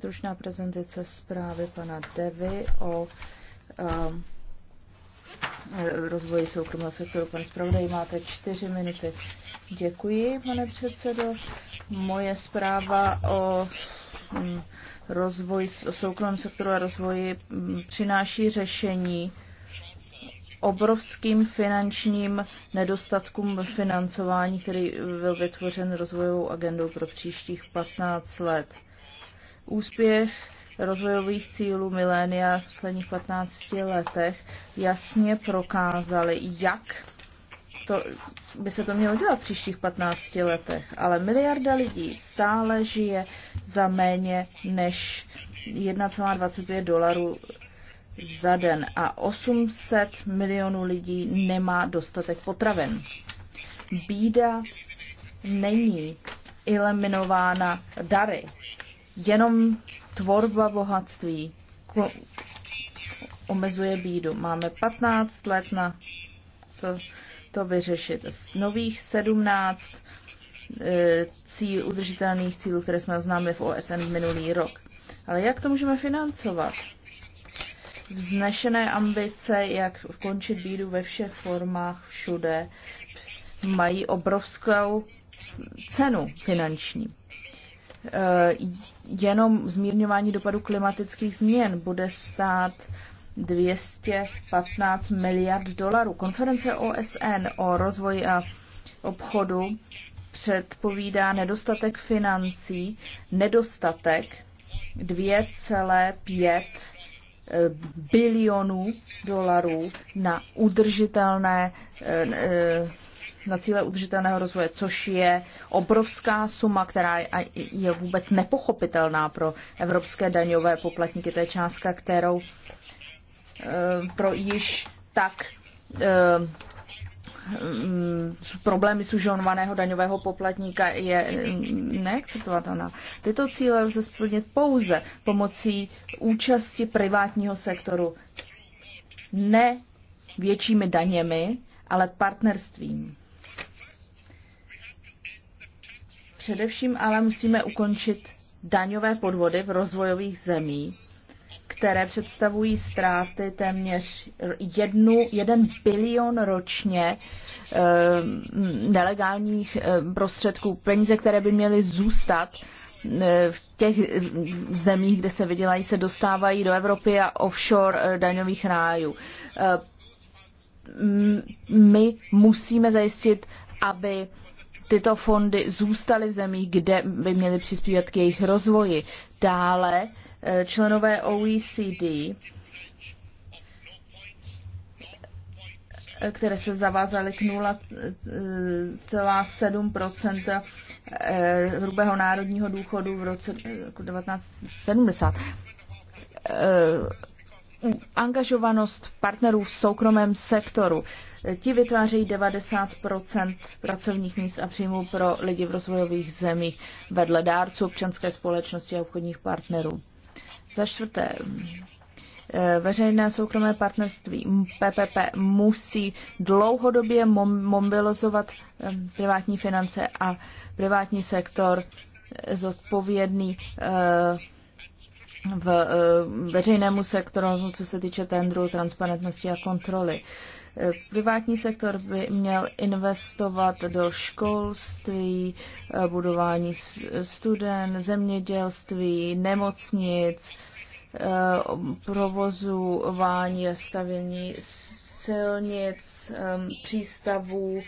stručná prezentace zprávy pana Devy o um, rozvoji soukromého sektoru. Pan zpravodaj, máte čtyři minuty. Děkuji, pane předsedo. Moje zpráva o um, mm, rozvoji o soukromém sektoru a rozvoji um, přináší řešení obrovským finančním nedostatkům financování, který byl vytvořen rozvojovou agendou pro příštích 15 let Úspěch rozvojových cílů milénia v posledních 15 letech jasně prokázali, jak to, by se to mělo dělat v příštích 15 letech. Ale miliarda lidí stále žije za méně než 1,25 dolarů za den a 800 milionů lidí nemá dostatek potravin. Bída není eliminována dary jenom tvorba bohatství omezuje bídu. Máme 15 let na to, to vyřešit. Z nových 17 e, cíl, udržitelných cílů, které jsme oznámili v OSN minulý rok. Ale jak to můžeme financovat? Vznešené ambice, jak ukončit bídu ve všech formách, všude, mají obrovskou cenu finanční. Eh, jenom zmírňování dopadu klimatických změn bude stát 215 miliard dolarů. Konference OSN o rozvoji a obchodu předpovídá nedostatek financí, nedostatek 2,5 eh, bilionů dolarů na udržitelné eh, na cíle udržitelného rozvoje, což je obrovská suma, která je vůbec nepochopitelná pro evropské daňové poplatníky. To je částka, kterou eh, pro již tak eh, mm, problémy sužonovaného daňového poplatníka je mm, neakceptovatelná. Tyto cíle lze splnit pouze pomocí účasti privátního sektoru, ne většími daněmi, ale partnerstvím. Především ale musíme ukončit daňové podvody v rozvojových zemích, které představují ztráty téměř jednu, jeden bilion ročně e, nelegálních e, prostředků, peníze, které by měly zůstat e, v těch v zemích, kde se vydělají, se dostávají do Evropy a offshore e, daňových rájů. E, my musíme zajistit, aby e, tyto fondy zůstaly v zemích, kde by měly přispívat k jejich rozvoji. Dále eh, členové OECD, eh, které se zavázaly k 0,7 eh, hrubého národního důchodu v roce 1970 angažovanost partnerů v soukromém sektoru. Ti vytvářejí 90 pracovních míst a příjmů pro lidi v rozvojových zemích vedle dárců občanské společnosti a obchodních partnerů. Za čtvrté, eh, veřejné soukromé partnerství PPP musí dlouhodobě mobilizovat eh, privátní finance a privátní sektor eh, zodpovědný v eh, veřejnému sektoru, co se týče tendru, transparentnosti a kontroly. Eh, privátní sektor by měl investovat do školství, eh, budování studen, zemědělství, nemocnic, provozování a stavění silnic, přístavů,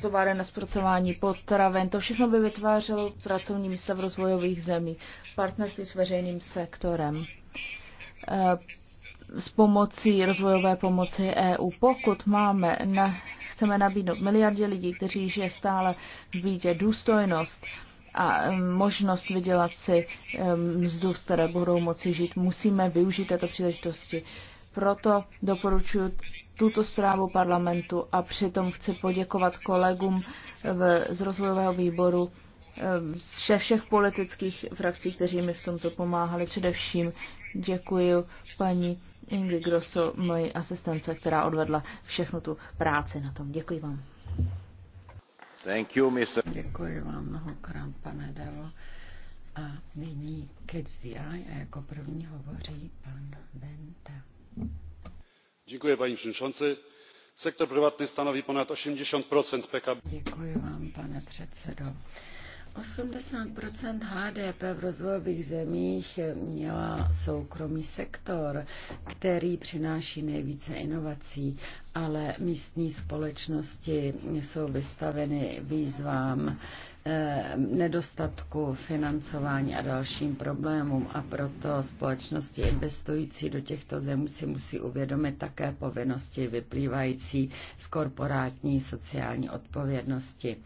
továren na zpracování potraven. To všechno by vytvářelo pracovní místa v rozvojových zemích, partnerství s veřejným sektorem eh, s pomocí rozvojové pomoci EU. Pokud máme, na, chceme nabídnout miliardě lidí, kteří žije stále v bídě, důstojnost a eh, možnost vydělat si eh, mzdu, z které budou moci žít, musíme využít této příležitosti. Proto doporučuji tuto zprávu parlamentu a přitom chci poděkovat kolegům v, z rozvojového výboru ze všech politických frakcí, kteří mi v tomto pomáhali. Především děkuji paní Ingrid Grosso, moji asistence, která odvedla všechnu tu práci na tom. Děkuji vám. Thank you, Mr. Děkuji vám mnohokrát, pane Davo. A nyní Kids the Eye a jako první hovoří pan Venta paní předsedající sektor privátní stanoví ponad eighty pkb. 80 HDP v rozvojových zemích měla soukromý sektor, který přináší nejvíce inovací, ale místní společnosti jsou vystaveny výzvám eh, nedostatku financování a dalším problémům a proto společnosti investující do těchto zemí si musí uvědomit také povinnosti vyplývající z korporátní sociální odpovědnosti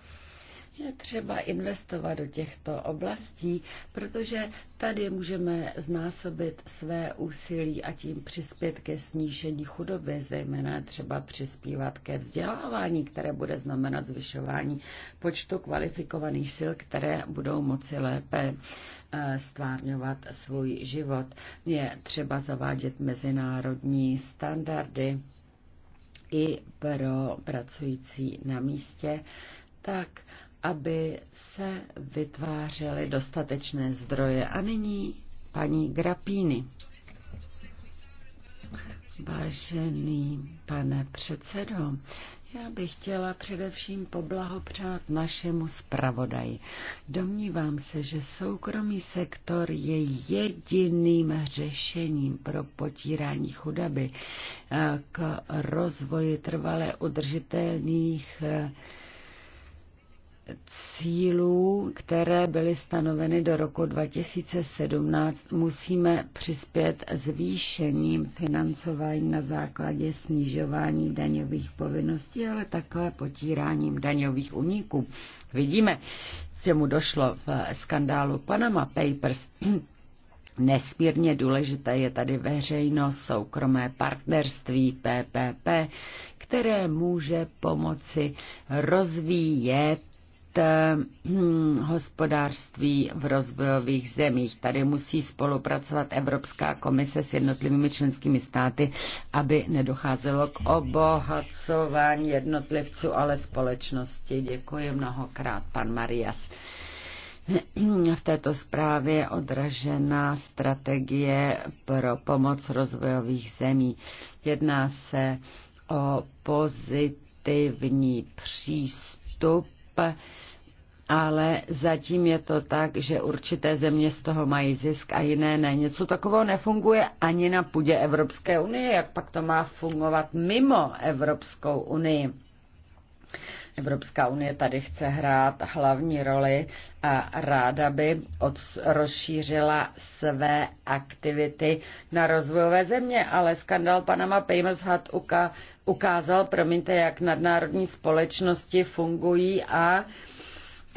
je třeba investovat do těchto oblastí, protože tady můžeme znásobit své úsilí a tím přispět ke snížení chudoby, zejména třeba přispívat ke vzdělávání, které bude znamenat zvyšování počtu kvalifikovaných sil, které budou moci lépe eh, stvárňovat svůj život. Je třeba zavádět mezinárodní standardy i pro pracující na místě, tak aby se vytvářely dostatečné zdroje. A nyní paní Grapíny. Vážený pane předsedo, já bych chtěla především poblahopřát našemu zpravodaji. Domnívám se, že soukromý sektor je jediným řešením pro potírání chudoby eh, k rozvoji trvale udržitelných eh, cílů, které byly stanoveny do roku 2017, musíme přispět zvýšením financování na základě snižování daňových povinností, ale také potíráním daňových úniků. Vidíme, čemu došlo v skandálu Panama Papers. Nesmírně důležité je tady veřejno soukromé partnerství PPP, které může pomoci rozvíjet Eh, hm, hospodářství v rozvojových zemích. Tady musí spolupracovat Evropská komise s jednotlivými členskými státy, aby nedocházelo k obohacování jednotlivců, ale společnosti. Děkuji mnohokrát, pan Marias hm, v této zprávě je odražená strategie pro pomoc rozvojových zemí. Jedná se o pozitivní přístup ale zatím je to tak, že určité země z toho mají zisk a jiné ne. Něco takového nefunguje ani na půdě Evropské unie, jak pak to má fungovat mimo Evropskou unii. Evropská unie tady chce hrát hlavní roli a ráda by od, rozšířila své aktivity na rozvojové země, ale skandal Panama Papers Hat ukázal, promiňte, jak nadnárodní společnosti fungují a uh,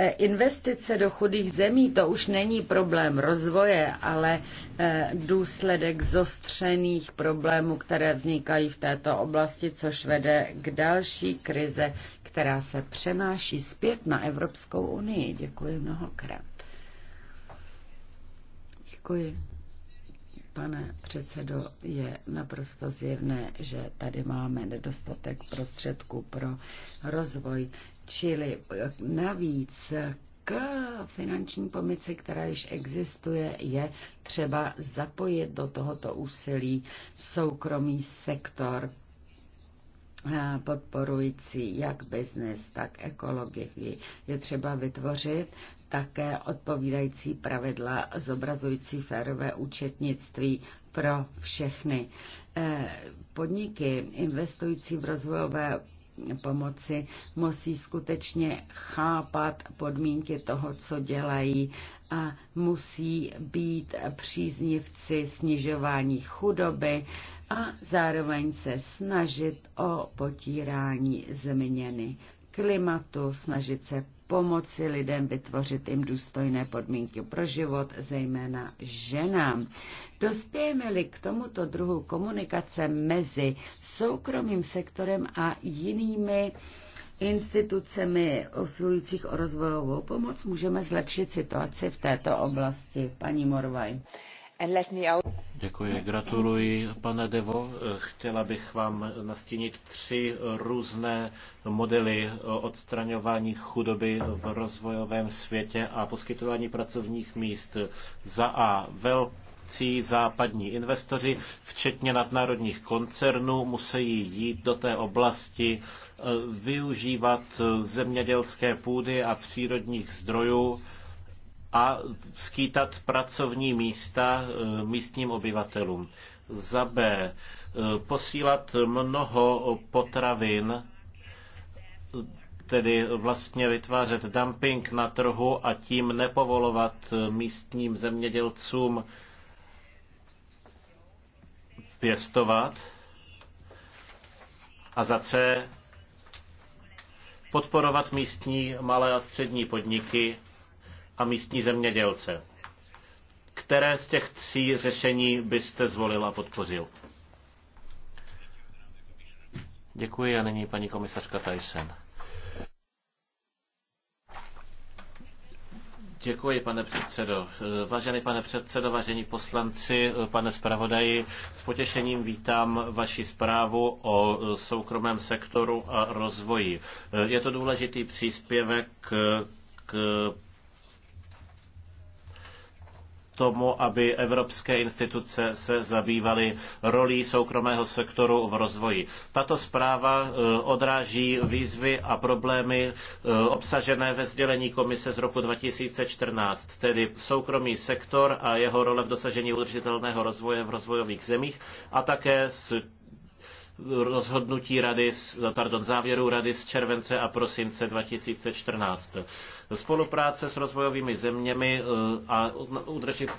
Eh, investice do chudých zemí to už není problém rozvoje, ale eh, důsledek zostřených problémů, které vznikají v této oblasti, což vede k další krize, která se přenáší zpět na Evropskou unii. Děkuji mnohokrát. Děkuji. Pane předsedo, je naprosto zjevné, že tady máme nedostatek prostředků pro rozvoj. Čili navíc k finanční pomoci, která již existuje, je třeba zapojit do tohoto úsilí soukromý sektor podporující jak biznes, tak ekologii. Je třeba vytvořit také odpovídající pravidla zobrazující férové účetnictví pro všechny. E, podniky investující v rozvojové pomoci, musí skutečně chápat podmínky toho, co dělají a musí být příznivci snižování chudoby a zároveň se snažit o potírání změny klimatu, snažit se pomoci lidem vytvořit jim důstojné podmínky pro život, zejména ženám. Dospějeme-li k tomuto druhu komunikace mezi soukromým sektorem a jinými institucemi usilujících o rozvojovou pomoc, můžeme zlepšit situaci v této oblasti. Paní Morvaj. Děkuji, gratuluji, pane Devo. Chtěla bych vám nastínit tři různé modely odstraňování chudoby v rozvojovém světě a poskytování pracovních míst. Za A velcí západní investoři, včetně nadnárodních koncernů, musí jít do té oblasti, eh, využívat zemědělské půdy a přírodních zdrojů a skýtat pracovní místa eh, místním obyvatelům. Za B. Eh, posílat mnoho potravin, tedy vlastně vytvářet dumping na trhu a tím nepovolovat eh, místním zemědělcům pěstovat. A za C. Podporovat místní malé a střední podniky a místní zemědělce. Které z těch tří řešení byste zvolil a podpořil? Děkuji a nyní paní komisařka Tyson. Děkuji, pane předsedo. Vážený pane předsedo, vážení poslanci, pane zpravodaji, s potěšením vítám vaši zprávu o soukromém sektoru a rozvoji. Je to důležitý příspěvek k tomu, aby evropské instituce se zabývaly rolí soukromého sektoru v rozvoji. Tato zpráva eh, odráží výzvy a problémy eh, obsažené ve sdělení komise z roku 2014, tedy soukromý sektor a jeho role v dosažení udržitelného rozvoje v rozvojových zemích a také s rozhodnutí rady, pardon, závěrů rady z července a prosince 2014. Spolupráce s rozvojovými zeměmi e, a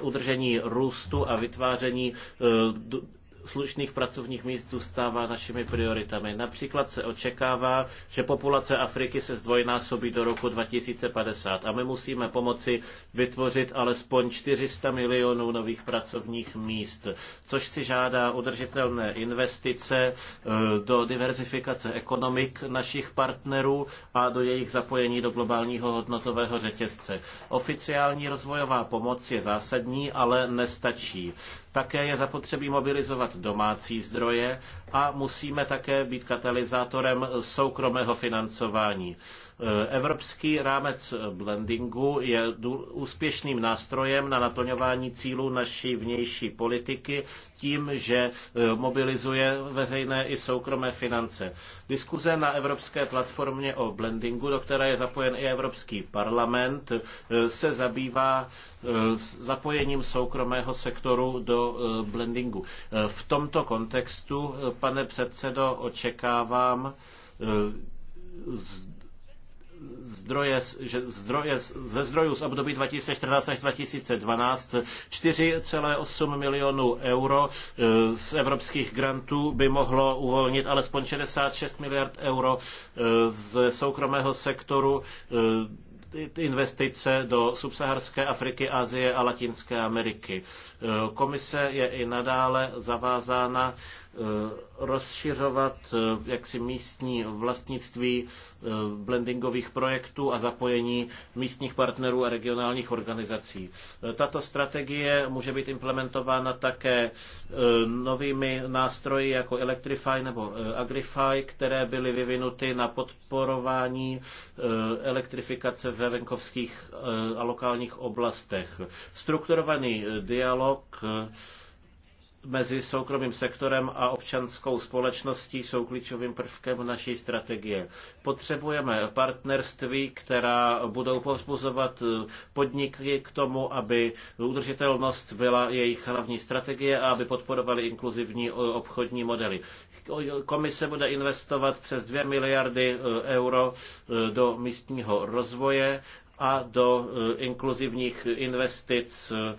udržení růstu a vytváření e, slušných pracovních míst zůstává našimi prioritami. Například se očekává, že populace Afriky se zdvojnásobí do roku 2050 a my musíme pomoci vytvořit alespoň 400 milionů nových pracovních míst, což si žádá udržitelné investice eh, do diverzifikace ekonomik našich partnerů a do jejich zapojení do globálního hodnotového řetězce. Oficiální rozvojová pomoc je zásadní, ale nestačí. Také je zapotřebí mobilizovat domácí zdroje a musíme také být katalyzátorem soukromého financování. Eh, evropský rámec eh, blendingu je úspěšným nástrojem na naplňování cílů naší vnější politiky tím, že eh, mobilizuje veřejné i soukromé finance. Diskuze na Evropské platformě o blendingu, do které je zapojen i Evropský parlament, se zabývá zapojením soukromého sektoru do blendingu. V tomto kontextu, pane předsedo, očekávám zdroje, že zdroje, ze zdrojů z období 2014 až 2012 4,8 milionů euro eh, z evropských grantů by mohlo uvolnit alespoň 66 miliard euro eh, z soukromého sektoru eh, investice do subsaharské Afriky, Asie a Latinské Ameriky. E, komise je i nadále zavázána e, rozšiřovat e, jaksi místní vlastnictví blendingových projektů a zapojení místních partnerů a regionálních organizací. Tato strategie může být implementována také novými nástroji jako Electrify nebo Agrify, které byly vyvinuty na podporování elektrifikace v ve venkovských eh, a lokálních oblastech. Strukturovaný eh, dialog eh, mezi soukromým sektorem a občanskou společností jsou klíčovým prvkem naší strategie. Potřebujeme partnerství, která budou povzbuzovat podniky k tomu, aby udržitelnost byla jejich hlavní strategie a aby podporovali inkluzivní obchodní modely. Komise bude investovat přes 2 miliardy euro do místního rozvoje a do eh, inkluzivních investic eh,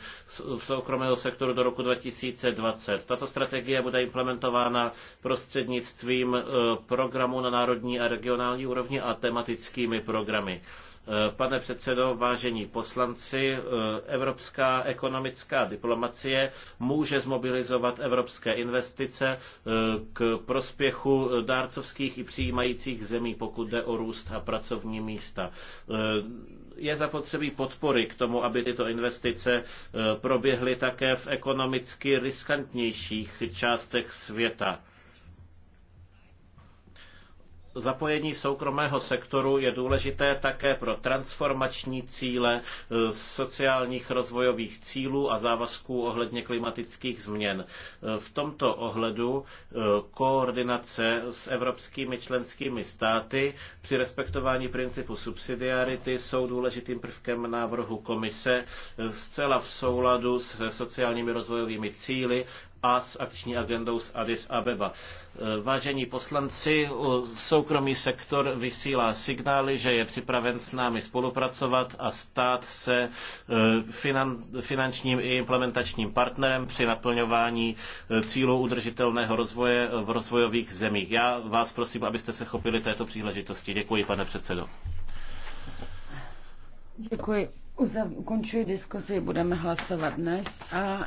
v soukromého sektoru do roku 2020. Tato strategie bude implementována prostřednictvím eh, programů na národní a regionální úrovni a tematickými programy. Eh, pane předsedo, vážení poslanci, eh, evropská ekonomická diplomacie může zmobilizovat evropské investice eh, k prospěchu dárcovských i přijímajících zemí, pokud jde o růst a pracovní místa. Je zapotřebí podpory k tomu, aby tyto investice proběhly také v ekonomicky riskantnějších částech světa Zapojení soukromého sektoru je důležité také pro transformační cíle eh, sociálních rozvojových cílů a závazků ohledně klimatických změn. Eh, v tomto ohledu eh, koordinace s evropskými členskými státy při respektování principu subsidiarity jsou důležitým prvkem návrhu komise zcela v souladu s sociálními rozvojovými cíly a s akční agendou z Addis Abeba. E, vážení poslanci, soukromý sektor vysílá signály, že je připraven s námi spolupracovat a stát se e, finančním i implementačním partnerem při naplňování e, cílů udržitelného rozvoje v rozvojových zemích. Já vás prosím, abyste se chopili této příležitosti. Děkuji, pane předsedo. Děkuji. ukončuji diskusi, budeme hlasovat dnes a